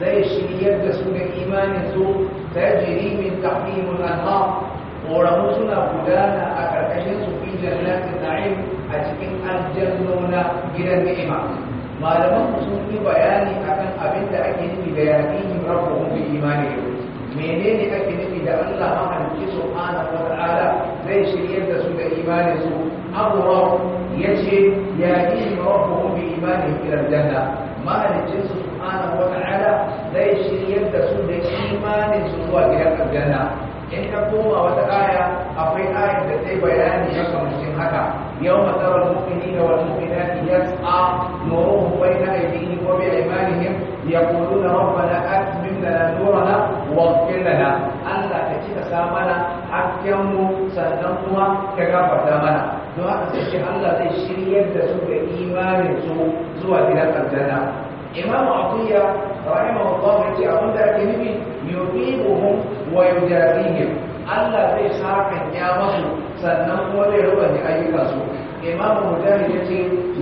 zai shiryar da su da imanin su tajri min tahtihim al-anhar koramu suna gudana a karkashin su fi jannatin a cikin aljannona gidan ni'ima malaman sun yi bayani akan abin da ake nufi da yaƙinin rabbuhum bi imanihim menene ake nufi da Allah mahalicci subhanahu wa ta'ala zai shiryar da su da imanin su abubuwa ya ce ya yi mawafa hobi imanin kiran janna mahalicin su wata ala zai shirya da su da imani su zuwa gidan aljanna in ka koma wata aya akwai ayar da sai bayani ya kama haka yau matsalar mutumini da wani mutumina ya tsa mawafa bai na aiki ko bai imanin ya kuru da mabbala a cikin da na zuwa na wakil da na allah ta cika sa mana hakkenmu sannan kuma ka gafarta mana don haka sai Allah zai shiryar da su ga imanin su zuwa gidan aljanna imamu akuya rahimahullah ya ce abin da ake nufi yuqibuhum wa yujazihim Allah zai sakan ya masu sannan kuma zai rubanya ayyuka su imamu mujahid ya ce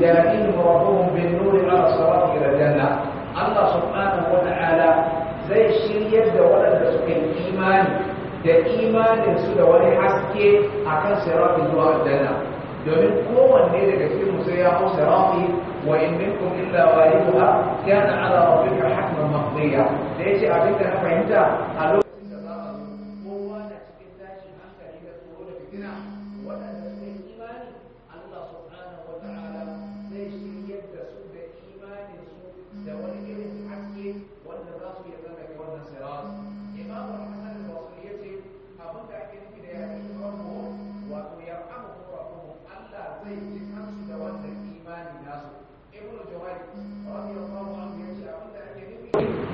yaqimu rabbuhum bin nuri ala sirati ila janna Allah subhanahu wa ta'ala zai shiryar da waɗanda suka yi imani da imanin su da wani haske akan sirati zuwa aljanna domin kowanne daga cikin musu ya hau sirati wa in minkum illa wariduha kana ala rabbika hukman maqdiya da yace abin da na fahimta a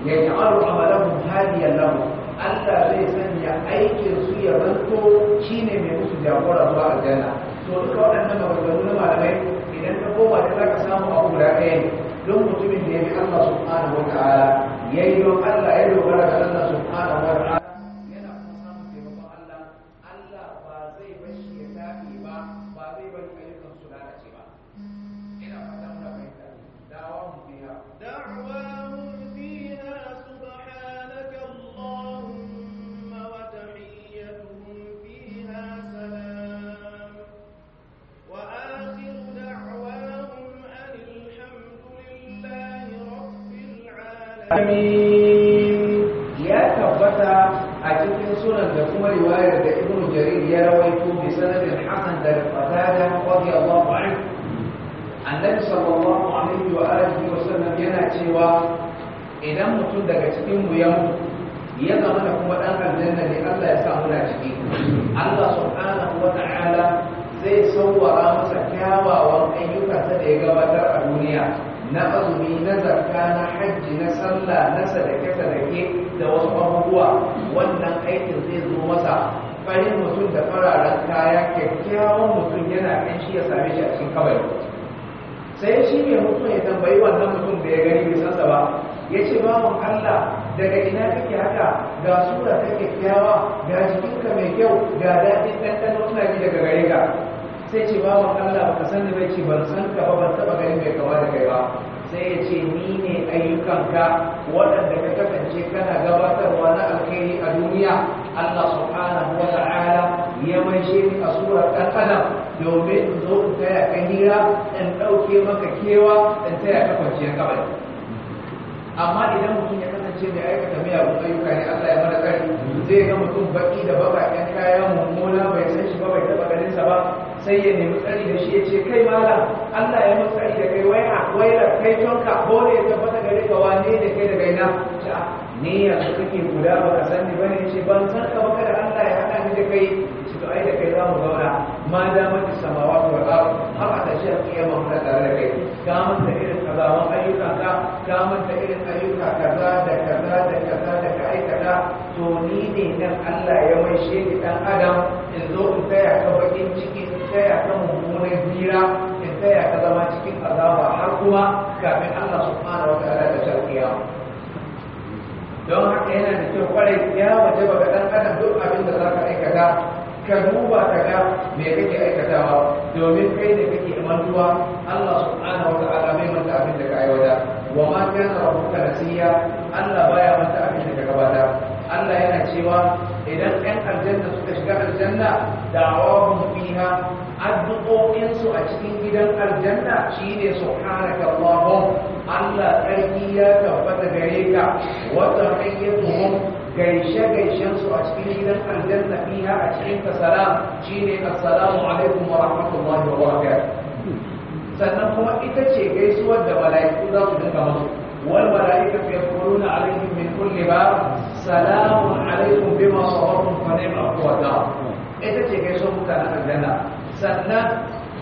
يجعل عملهم هاديا لهم Allah zai sanya aikin su ya zanto shi ne mai musu jagora zuwa aljanna to duka waɗannan maganganu na malamai idan ka koma da za ka samu a guda ɗaya ne don mutumin da ya bi Allah subhanahu wa ta'ala ya yi don Allah ya dogara da Allah subhanahu wa ta'ala ga sura ta kyakkyawa ga jikinka mai kyau ga daɗin ɗanɗano suna ji daga gare ka sai ce ba mun Allah ka san da bai ban san ka ba ban taɓa gani mai kawa da kai ba sai ya ce ni ne ayyukan ka, waɗanda ka kasance kana gabatarwa na alkhairi a duniya Allah subhanahu wa ta'ala ya maishe ni a surar domin in zo in taya ka hira in ɗauke maka kewa in taya ka kwanciyar kabari amma idan ce da aikata miyagun ayyuka ne Allah ya mana kai zai ga mutum baki da baka ɗan kaya mummuna bai san shi ba bai taɓa ganinsa ba sai ya nemi tsari da shi ya ce kai mala Allah ya mutu tsari da kai wai a kai tonka ko da ya tabbata gare ka wane da kai da kai na ta ne ya su ah, kake guda ba ka san ni bane ce ban san ka ba kada Allah ya hada ni da kai shi to ai da kai za mu gauna ma da mutu samawa ko har a tashi a kiyama mu da tare da kai ga mun da kyawawan ayyukan ka ka manta irin ayyuka kaza da kaza da kaza da ka aikata to ni ne nan Allah ya maishe ni dan adam in zo in taya ka bakin ciki in taya ka mummunan hira in taya ka zama cikin azaba har kuma kafin Allah subhanahu wa ta'ala ta sharkiya don haka yana da kyau kwarai ya waje ga dan adam duk abin da za ka aikata ka duba ka ga me kake aikatawa domin kai da kake mantuwa Allah subhanahu wa ta'ala bai manta abin da ka aiwata wa ma kana rabbuka nasiya Allah baya manta abin da ka gabata Allah yana cewa idan ɗan aljanna suka shiga aljanna da'awahum fiha addu'o'in su a cikin gidan aljanna shine subhanaka Allahum Allah kai ya tabbata gare ka wa tahiyyatuhum gaishe-gaishen su a cikin gidan aljanna fiha a cikin ta salam shine assalamu alaikum wa rahmatullahi wa barakatuh sannan kuma ita ce gaisuwar da mala'iku za su dinga musu wal mala'ikatu na alaihim min kulli ba? salamun alaikum bima sabartum fa ni'ma aqwa ita ce gaisuwar mutanen aljanna sannan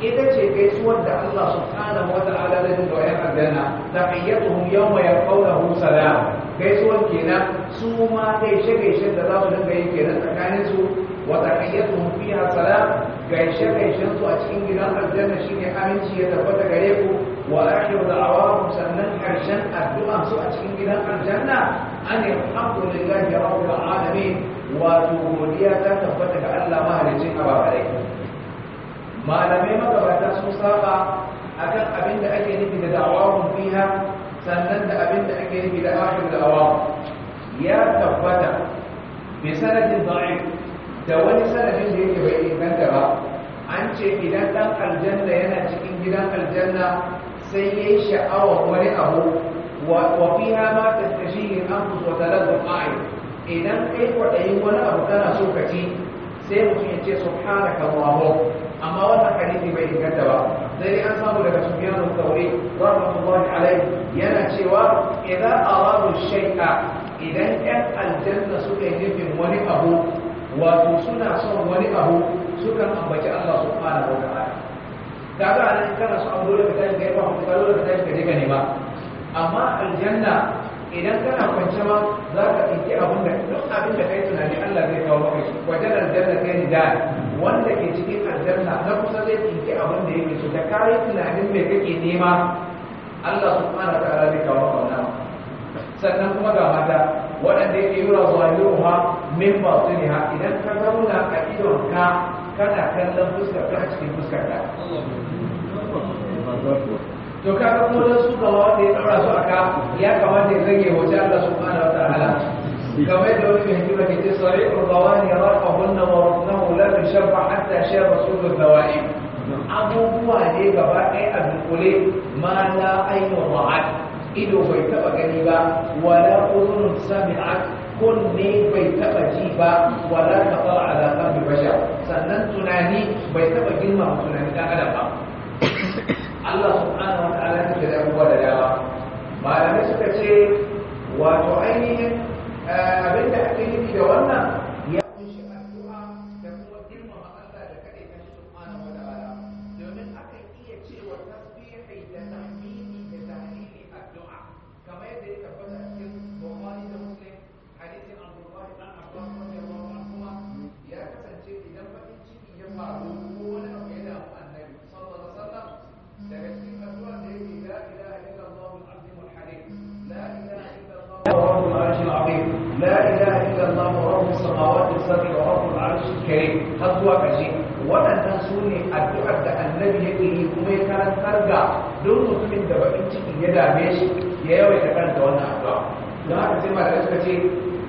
ita ce gaisuwar da Allah subhanahu wa ta'ala da dinga wayar aljanna taqiyyatuhum yawma yalqawnahu salam gaisuwan kenan su ma gaishe gaishe da za dinga yi kenan tsakanin su wa taqiyyatuhum fiha salam gaishe gaishensu su a cikin gidan aljanna shine aminci ya tabbata gare ku wa akhiru da'awahum sannan karshen addu'an su a cikin gidan aljanna an alhamdulillahi rabbil alamin wato godiya ta tabbata ga Allah mahalicin ababai malamai magabata sun saba akan abin da ake nufi da da'awahum fiha sannan da abin da ake nufi da akhir da awam ya tabbata bi sanadin da'if da wani sanadin da yake bai inganta ba an ce idan dan aljanna yana cikin gidan aljanna sai yayi sha'awa wani abu wa fiha ma tastashihi anfus wa taladdu a'yun idan kai kwadayin wani abu kana so ka ci sai mutum ya ce subhanaka allahumma amma wannan hadisi bai inganta ba sai dai an samu daga Sufyan al-Thawri rahimahullahi alayhi yana cewa idan aradu shay'a idan ɗan aljanna suka yi nufin wani abu wato suna son wani abu sukan ambaci Allah subhanahu wa ta'ala kaga an kana so an dole ka tashi ka ba ka dole ka tashi ka ne ba amma aljanna idan kana kwance ma za ka ɗauki abin da duk abin da kai tunani Allah zai kawo maka shi wajen aljanna kai ni da wanda ke cikin aljanna na kusa zai ɗauki abin da yake so da kayi tunanin mai kake nema Allah subhanahu wa ta'ala zai kawo maka wannan sannan kuma ga mata waɗanda yake yura zahiruha min batiniha idan ka zauna a idon ka kana kallon fuskar ka a cikin fuskar ka to ka ga kuma suka wa da ya tsara su aka ya kamata ya rage wace Allah subhanahu wa ta'ala kamar da wani mai hikima ke ce sarai qurbawani rafahunna wa rafnahu la tushabba hatta shay rasulul dawa'i abubuwa ne gaba ɗaya a dukkule ma la ainihin ma'ad ido bai taba gani ba wala uzun sami'at kunne bai taba ji ba wala kafar ala qalbi bashar sannan tunani bai taba girma tunani dan ba Allah subhanahu wa ta'ala ya da abubuwa da dawa malamai suka ce wato ainihin eh, abinda ake nufi da wannan isar ga duk mutumin da bakin ciki ya dame shi ya yawaita karanta wannan addu'a don haka sai malamai suka ce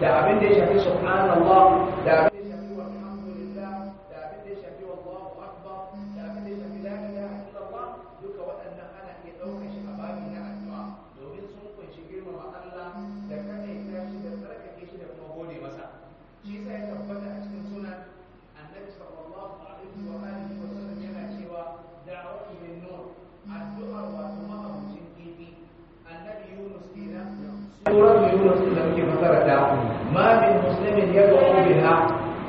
da abin da ya shafi subhanallah da abin ma musulmin ya yad'u biha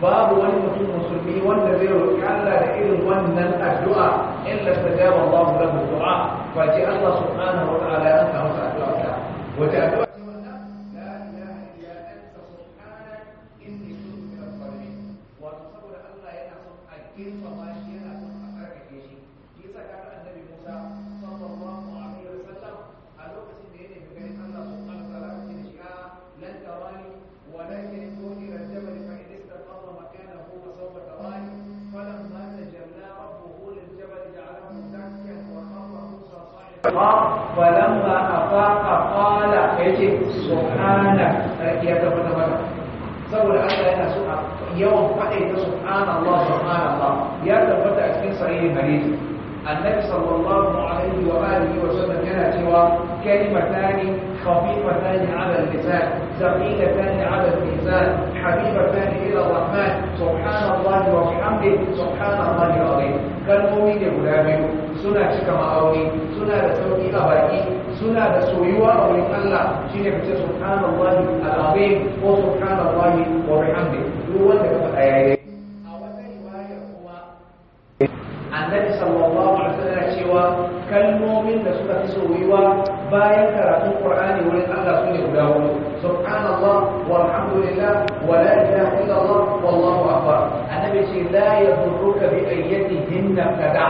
babu wani mutum musulmi wanda zai roƙi Allah da irin wannan addu'a illa tajaba Allah lahu du'a fa ji Allah subhanahu wa ta'ala ya amsa addu'a wata addu'a shine fitar subhanallahi al-azim ko subhanallahi wa bihamdi duk wanda ka faɗa yayi a wata riwaya kuma annabi sallallahu alaihi wasallam cewa kalmomin da suka fi soyuwa bayan karatun qur'ani wurin Allah sune guda hudu subhanallah walhamdulillah wa la ilaha illallah wallahu akbar annabi ce la yadurruka bi ayyatihinna kada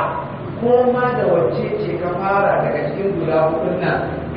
ko ma da wacce ce ka fara daga cikin guda hudun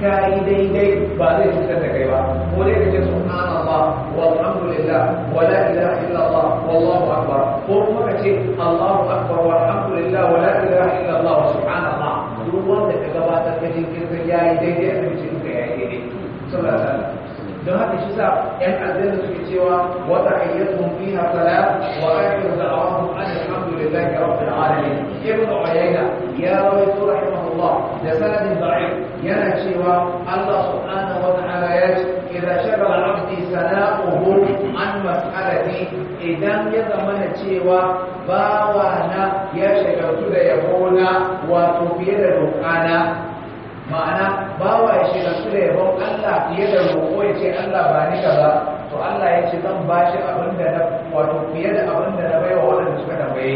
ka yi daidai ba zai cutar da kai ba ko dai ka ce subhanallah walhamdulillah wala ilaha illallah wallahu akbar ko kuma ka ce allahu akbar walhamdulillah wala ilaha illallah wa subhanallah duk wanda ka gabatar ka jinkir ka ya yi daidai a kan cikin ka ya yi daidai sallallahu alaihi wasallam don haka shi sa yan aljanna suke cewa wa tahiyyatuhum fiha salam wa akhiru da'wahum alhamdulillahi rabbil alamin ibnu uyayna ya rawi rahimahullah da sanadin da'if yana cewa Allah subhanahu wa ta'ala ya ce idza shagala abdi sana'uhu an mas'alati idan ya zamana cewa bawa na ya shagaltu da yabona wato fiye da rokana ma'ana bawa ya shagaltu da yabon Allah fiye da roko ya ce Allah ba ni kaza to Allah ya ce zan bashi abinda na wato fiye da abinda na baiwa wadanda suka tambaye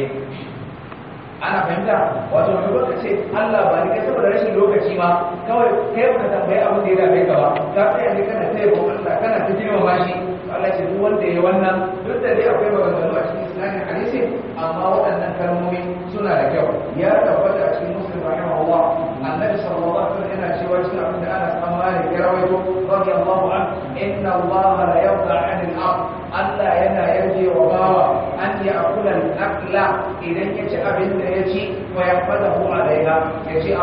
ana fahimta wato mai baka ce Allah ba ni kai saboda rashin lokaci ma kawai kai ka tambayi abin da ya dame ka ba ka tsaya ne kana tsaye ba Allah kana ta girma ma shi Allah ce duk wanda ya wannan duk da dai akwai maganganu a cikin a hadisi amma waɗannan kalmomi suna da kyau ya tabbata a cikin muslim rahimahullah annabi sallallahu alaihi wasallam yana cewa cikin abin da ana an malik ya rawaito Allahu an inna Allah la yarda 'anil aq Allah yana yarje wa bawa an yi akulan akla idan ya ci abin da ya ci ko ya fada hu alaiha ya ce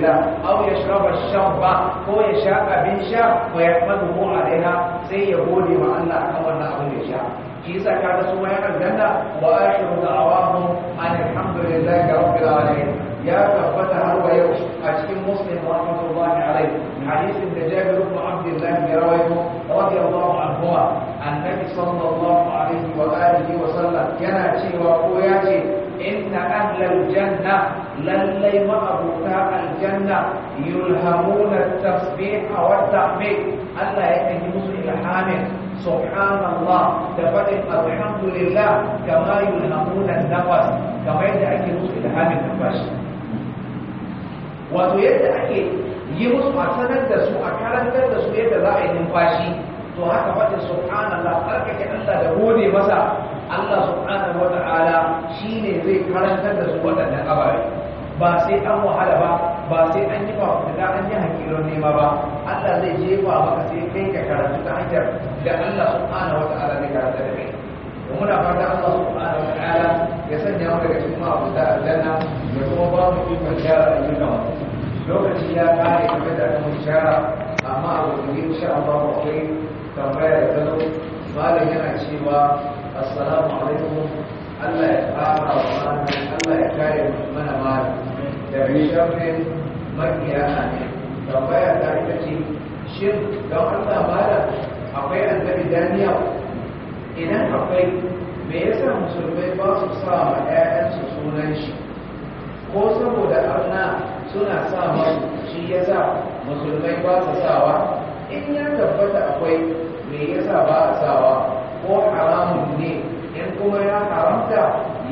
da au ya shaba ba ko ya sha abin sha ko ya fada hu alaiha sai ya gode wa Allah kan wannan abin da sha ki sa ka da su ma ya aljanna wa ashiru da'awahum alhamdulillahi rabbil alamin ya tabbata har wa yau a cikin muslim rahmatullahi alaihi hadisin da Jabir ibn Abdullah ya rawaito radiyallahu anhu annabi sallallahu alaihi wa alihi wa sallam yana cewa ko ya ce inna ahlal janna lallai ma'abuta aljanna yulhamuna at-tasbih wa tahmid Allah ya kan yi musu ilhamin subhanallah da faɗin alhamdulillah kama yulhamuna nafas kama yadda ake musu ilhamin nafas wato yadda ake yi musu a sanar da su a karantar da su yadda za a yi numfashi to haka faɗin subhanallah ki Allah da gode masa Allah subhanahu wa ta'ala shine zai karantar da su wadannan kabari ba sai an wahala ba ba sai an yi da an yi hakiron nema ba Allah zai jefa maka sai kai ka karatu ta hanyar da Allah subhanahu wa ta'ala zai karanta da kai muna fata Allah subhanahu wa ta'ala ya sanya mu daga cikin a aljanna ya kuma ba mu ikon gyara ayyukan lokaci ya kare kuma da aka mu shara amma a gobe insha Allah kai tambaya da ba malam yana cewa assalamu alaikum Allah ya fara wa malam Allah ya kare mana malam daga shafin makiya ne tambaya ta ita ce shin wanda ba da akwai annabi Daniel idan akwai me ya sa musulmai ba su sa ma su sunan shi ko saboda arna suna sa masu shi ya sa musulmai ba su sa wa? in ya tabbata akwai me yasa ba a sawa ko haramun ne in kuma ya haramta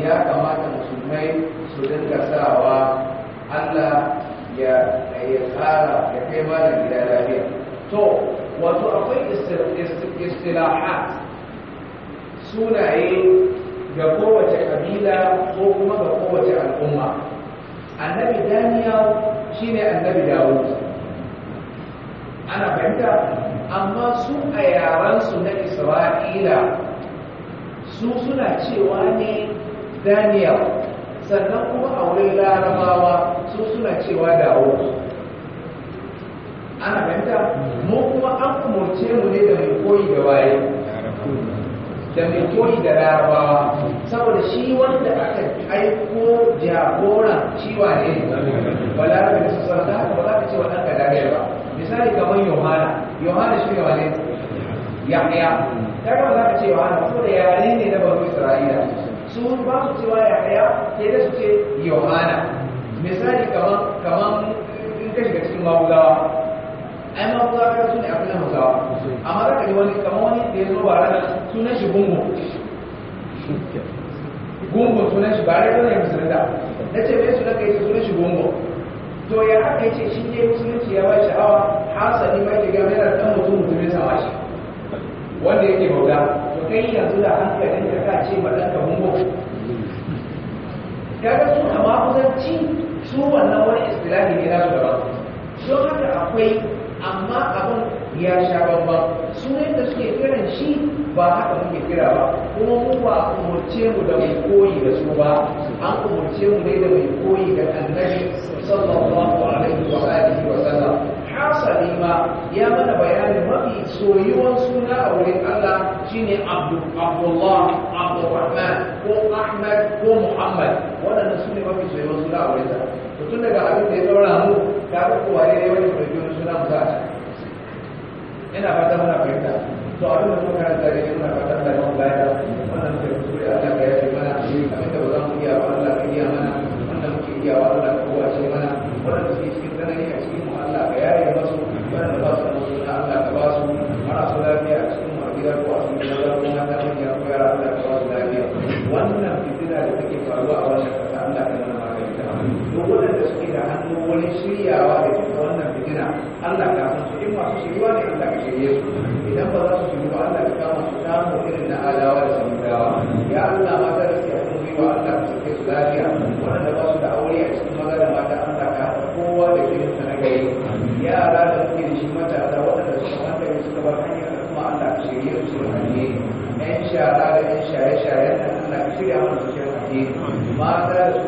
ya kamata musulmai su dinga sawa Allah ya ya tsara ya kai mana gida lafiya to wato akwai istilahat sunaye ga kowace kabila ko kuma ga kowace al'umma annabi daniya shine annabi dawud ana fahimta amma su a yaransu na isra'ila su suna cewa ne daniel sannan kuma a wurin larabawa su suna cewa dawo ana fahimta mu kuma an kumurce mu ne da mai koyi da waye da mai koyi da larabawa saboda shi wanda aka aiko jagoran ciwa ne ba da su sarda ba za ka ce wa ɗan ka daniel ba misali gaban yohana yohana shi wane ya yahya Ta ba za ka ce yohana ko da yare ne na banu isra'ila su ba su cewa yahya sai da su ce yohana misali kaman kaman in ka shiga cikin maguzawa ai maguzawa ka su ne abin hausawa amma za ka ji wani kamar wani da ya zo ba ranar sunan shi gungu. gungun sunan shi ba ranar musulunta na ce mai sunan ka yi sunan shi gungun to ya haka yace shi ne musulunci ya bai sha'awa hasali mai daga mai da kan mutum mutum sa shi wanda yake bauta to kai yanzu da hankalin ka ka ce ba ɗan ka hungo kaga su kama kusanci su wannan wani istilahi ne na su daban don haka akwai amma abin ya sha bamba sunan da suke kiran shi ba haka muke kira ba kuma mu ba umurce mu da mai koyi da su ba an umurce mu ne da mai koyi da annabi sallallahu alaihi wa alihi wa sallam hasali ma ya mana bayani mafi soyuwan suna a wurin Allah shine Abdul Abdullah Abdurrahman ko Ahmad ko Muhammad Wannan su mafi soyuwan suna a wurin Allah tun daga abin da ya saura mu ka ga kowa ne wani suna musa ina fata mana fahimta to abin da muka karanta ne muna fata da wannan hanyoyin shiryawa da cikin wannan fitina Allah ka san su in masu shiriwa ne Allah ka shirye su idan ba za su shiri ba Allah ka kama su samu irin na adawa da samudawa ya Allah mata da suke sun gwiwa Allah ka sake su lafiya wanda ba su da aure a cikin maza da mata Allah ka haɗa kowa da jinin sa na gari yara da suke da shi matasa waɗanda su hankali suka bar hanyar da kuma Allah ka shirye su su hanye yan shara da yan shaye-shayen da Allah ka shirya mana su shirya hanye mata da su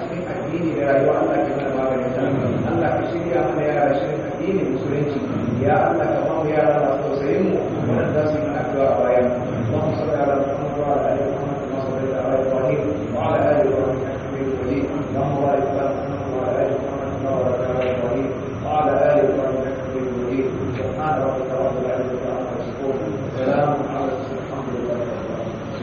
cikin addini da rayuwa Allah ka mana maganin ta Allah ka shirya mana yara shirin addinin musulunci ya Allah ka ba mu yara masu tausayin mu